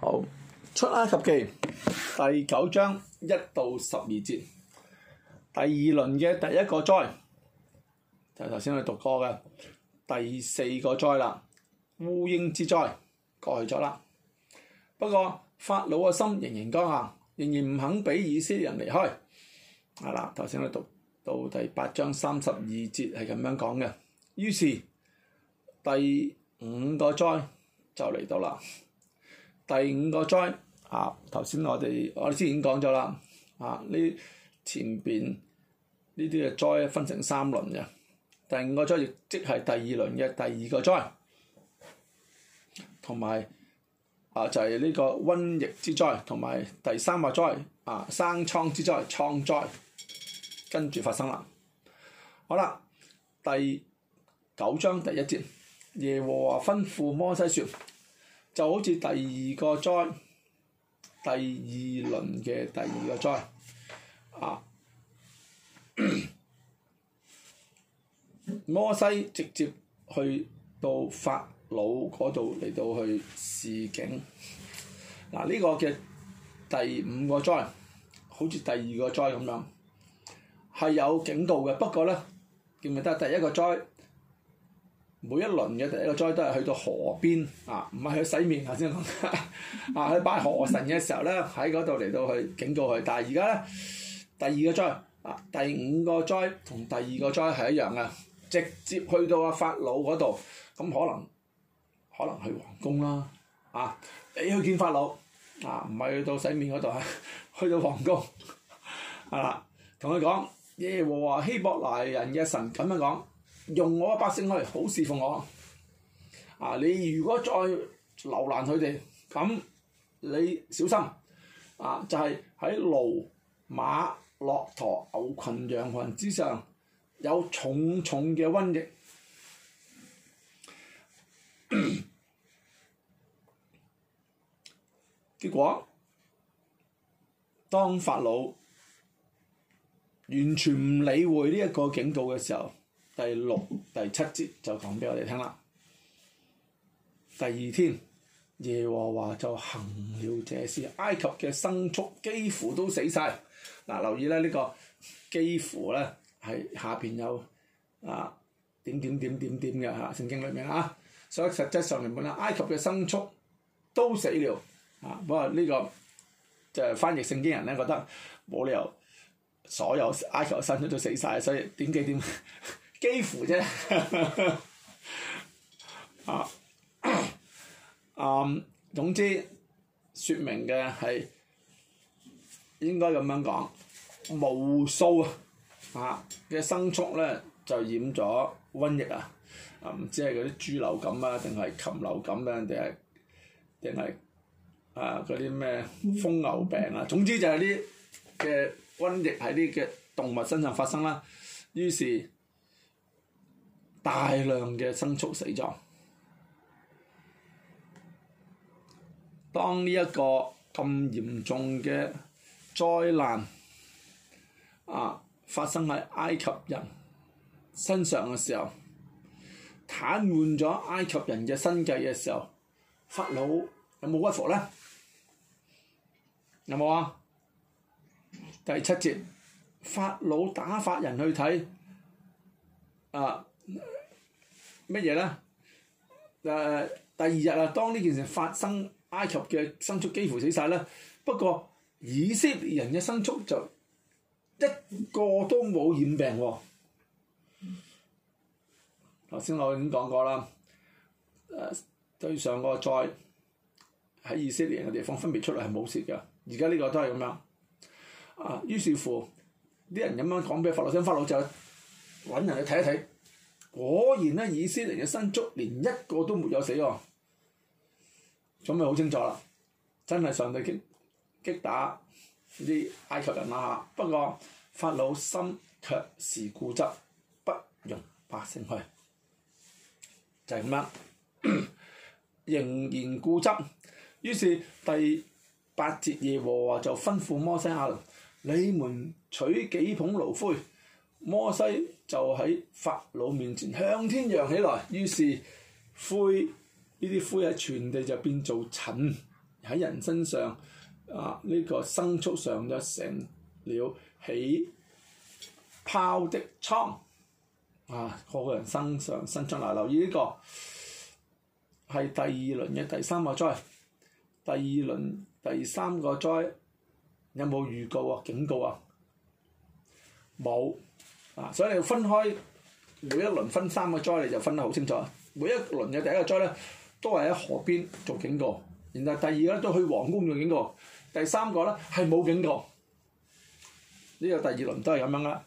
好，出埃及記第九章一到十二節，第二輪嘅第一個災就頭先我哋讀過嘅第四個災啦，烏蠅之災過去咗啦。不過法老嘅心仍然剛硬，仍然唔肯俾以色列人離開。係啦，頭先我哋讀到第八章三十二節係咁樣講嘅。於是第五個災就嚟到啦。第五個災啊！頭先我哋我哋之前講咗啦啊！呢前邊呢啲嘅災分成三輪嘅，第五個災亦即係第二輪嘅第二個災，同埋啊就係、是、呢個瘟疫之災，同埋第三個災啊生瘡之災、瘡災跟住發生啦。好啦，第九章第一節，耶和華吩咐摩西說。就好似第二個災，第二輪嘅第二個災，啊， 摩西直接去到法老嗰度嚟到去示警。嗱、啊，呢、這個嘅第五個災，好似第二個災咁樣，係有警告嘅。不過呢，記唔記得第一個災？每一輪嘅第一個災都係去到河邊啊，唔係去洗面頭先講，啊去拜河神嘅時候咧，喺嗰度嚟到去警告佢。但係而家咧，第二個災，啊第五個災同第二個災係一樣嘅，直接去到阿法老嗰度，咁可能，可能去皇宮啦，啊你去見法老，啊唔係去到洗面嗰度啊，去到皇宮啊，同佢講耶和華希伯來人嘅神咁樣講。用我嘅百姓去好侍奉我，啊！你如果再留難佢哋，咁你小心，啊！就係喺驢、馬、駱駝、牛群、羊群之上，有重重嘅瘟疫。 結果，當法老完全唔理會呢一個警告嘅時候，第六、第七節就講俾我哋聽啦。第二天，耶和華就行了這事，埃及嘅牲畜幾乎都死晒。嗱、啊，留意咧呢、這個幾乎咧係下邊有啊點點點點點嘅嚇、啊，聖經裏面啊，所以實質上嚟講咧，埃及嘅牲畜都死了。啊，不過呢、這個就係、是、翻譯聖經人咧覺得冇理由所有埃及嘅牲畜都死晒。所以點幾點？呵呵幾乎啫、 啊，啊，嗯，總之説明嘅係應該咁樣講，無數啊嘅生畜咧就染咗瘟疫啊，啊唔知係嗰啲豬流感啊，定係禽流感啊，定係定係啊嗰啲咩瘋牛病啊，總之就係啲嘅瘟疫喺啲嘅動物身上發生啦、啊，於是。大量嘅牲畜死咗。當呢一個咁嚴重嘅災難啊發生喺埃及人身上嘅時候，癱瘓咗埃及人嘅生計嘅時候，法老有冇屈服呢？有冇啊？第七節，法老打法人去睇啊！乜嘢啦？誒、呃呃、第二日啊，當呢件事發生，埃及嘅牲畜幾乎死晒啦。不過以色列人嘅牲畜就一個都冇染病喎、哦。頭先我已經講過啦，誒、呃、對上個再喺以色列人嘅地方分別出嚟係冇事嘅。而家呢個都係咁樣。啊、呃，於是乎啲人咁樣講俾法老聽，法老就揾人去睇一睇。果然呢，以色列嘅牲畜連一個都沒有死喎、啊，咁咪好清楚啦，真係上帝擊擊打啲埃及人啊！不過法老心卻是固執，不容百姓去，就係咁啦，仍然固執。於是第八節耶和華就吩咐摩西、亞倫，你們取幾捧爐灰。摩西就喺法老面前向天揚起來，於是灰，呢啲灰喺全地就變做塵，喺人身上啊，呢個牲畜上就成了起泡的瘡，啊個個人身上伸出來，留意呢個係第二輪嘅第三個災，第二輪第三個災有冇預告啊？警告啊？冇。啊、所以你分開每一輪分三個災，你就分得好清楚。每一輪嘅第一個災咧，都係喺河邊做警告，然後第二咧都去皇宮做警告，第三個咧係冇警告。呢、這個第二輪都係咁樣啦。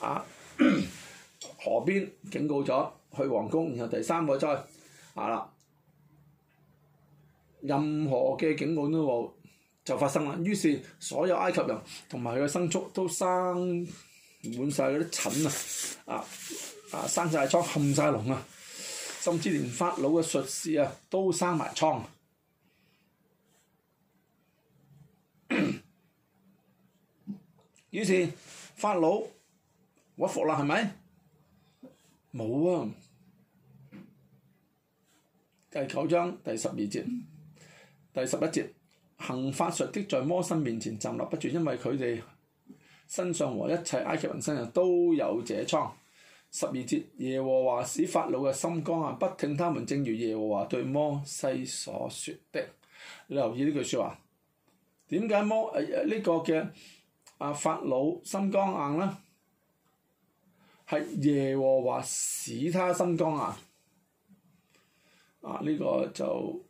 啊， 河邊警告咗去皇宮，然後第三個災啊啦，任何嘅警告都冇就發生啦。於是所有埃及人同埋佢嘅牲畜都生。滿晒嗰啲塵啊，啊啊生晒瘡、冚晒龍啊，甚至連法老嘅術士啊都生埋瘡。於 是法老屈服啦，係咪？冇啊！第九章第十二節、第十一節，行法術的在摩西面前站立不住，因為佢哋身上和一切埃及人身上都有這瘡。十二節，耶和華使法老嘅心剛硬，不聽他們，正如耶和華對摩西所說的。你留意呢句説話，點解摩呢、呃這個嘅、阿、啊、法老心剛硬呢？係耶和華使他心剛硬。啊，呢、這個就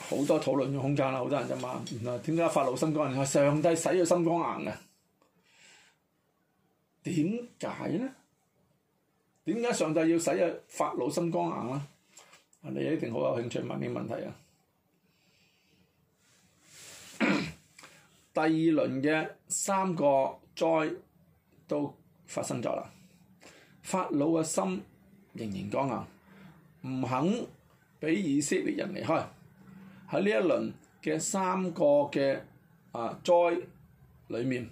好多討論嘅空間啦，好多人就問，原來點解法老心剛硬？上帝使佢心剛硬嘅。點解呢？點解上帝要使啊法老心剛硬呢？你一定好有興趣問呢個問題啊！ 第二輪嘅三個災都發生咗啦，法老嘅心仍然剛硬，唔肯俾以色列人離開。喺呢一輪嘅三個嘅啊災裡面，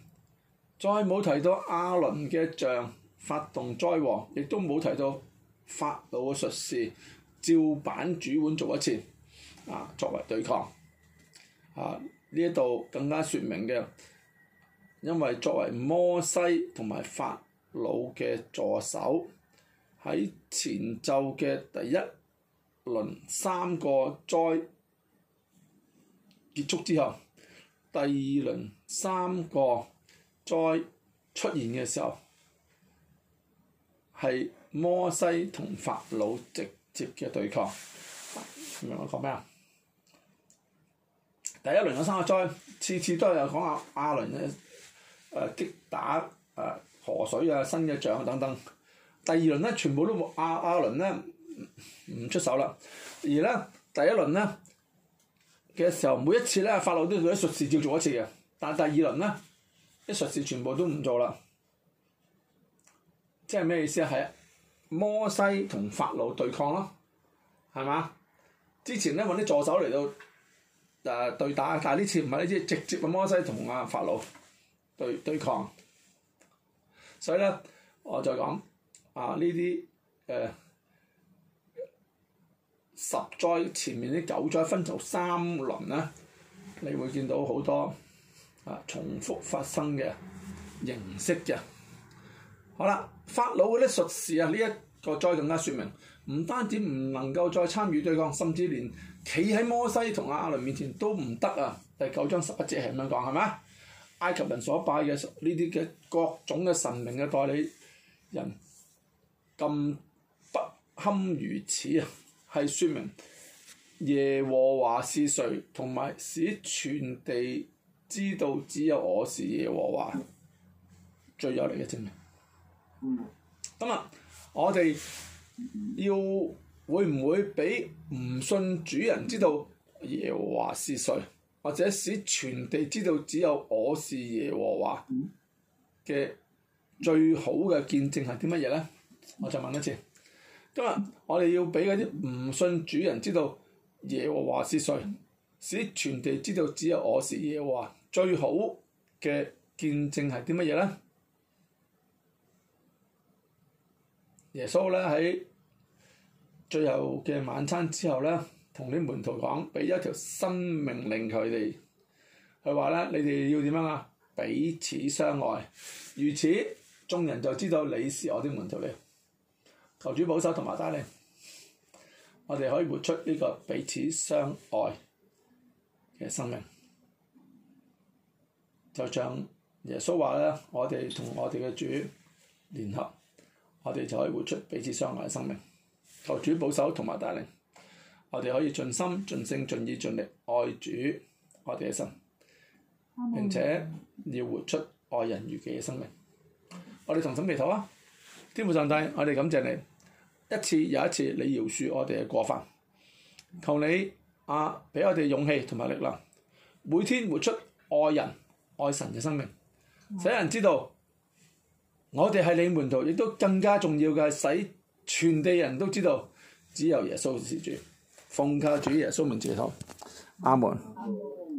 再冇提到亞倫嘅杖發動災禍，亦都冇提到法老嘅術士照板煮碗做一次，啊作為對抗，啊呢一度更加説明嘅，因為作為摩西同埋法老嘅助手，喺前奏嘅第一輪三個災結束之後，第二輪三個再出現嘅時候係摩西同法老直接嘅對抗，明我講咩啊？第一輪嘅三個災，次次都有講阿阿倫咧，誒、呃、擊打誒、呃、河水啊、新嘅象等等。第二輪咧，全部都冇阿阿、啊啊、倫咧唔出手啦，而咧第一輪咧嘅時候，每一次咧法老都佢都術士照做一次嘅，但第二輪咧。啲術士全部都唔做啦，即係咩意思啊？係啊摩西同法老對抗咯，係嘛？之前咧揾啲助手嚟到誒、呃、對打，但係呢次唔係呢啲，直接啊摩西同啊法老對對抗。所以咧，我就講啊呢啲誒十災前面啲九災分做三輪啦，你會見到好多。啊，重複發生嘅形式嘅，好啦，法老嗰啲術士啊，呢、這、一個再更加説明，唔單止唔能夠再參與對抗，甚至連企喺摩西同阿亞倫面前都唔得啊！第九章十一節係咁樣講，係咪埃及人所拜嘅呢啲嘅各種嘅神明嘅代理人，咁不堪如此啊，係 説明耶和華是誰，同埋使全地。知道只有我是耶和華，最有力嘅證明。嗯，今日我哋要會唔會俾唔信主人知道耶和華是誰，或者使全地知道只有我是耶和華嘅最好嘅見證係啲乜嘢咧？我再問一次，今日我哋要俾嗰啲唔信主人知道耶和華是誰，使全地知道只有我是耶和華。最好嘅見證係啲乜嘢咧？耶穌咧，喺最後嘅晚餐之後咧，同啲門徒講，俾一條新命令佢哋。佢話咧：你哋要點樣啊？彼此相愛，如此，眾人就知道你是我啲門徒了。求主保守同埋帶領，我哋可以活出呢個彼此相愛嘅生命。就像耶穌話咧，我哋同我哋嘅主聯合，我哋就可以活出彼此相愛嘅生命。求主保守同埋帶領，我哋可以盡心、盡性、盡意、盡力愛主我哋嘅神。並且要活出愛人如己嘅生命。我哋同神祈禱啦。天父上帝，我哋感謝你，一次又一次你饒恕我哋嘅過犯。求你啊，俾我哋勇氣同埋力量，每天活出愛人愛神嘅生命，使人知道我哋係你門徒，亦都更加重要嘅係使全地人都知道，只有耶穌是主，奉靠主耶穌名接受，阿門。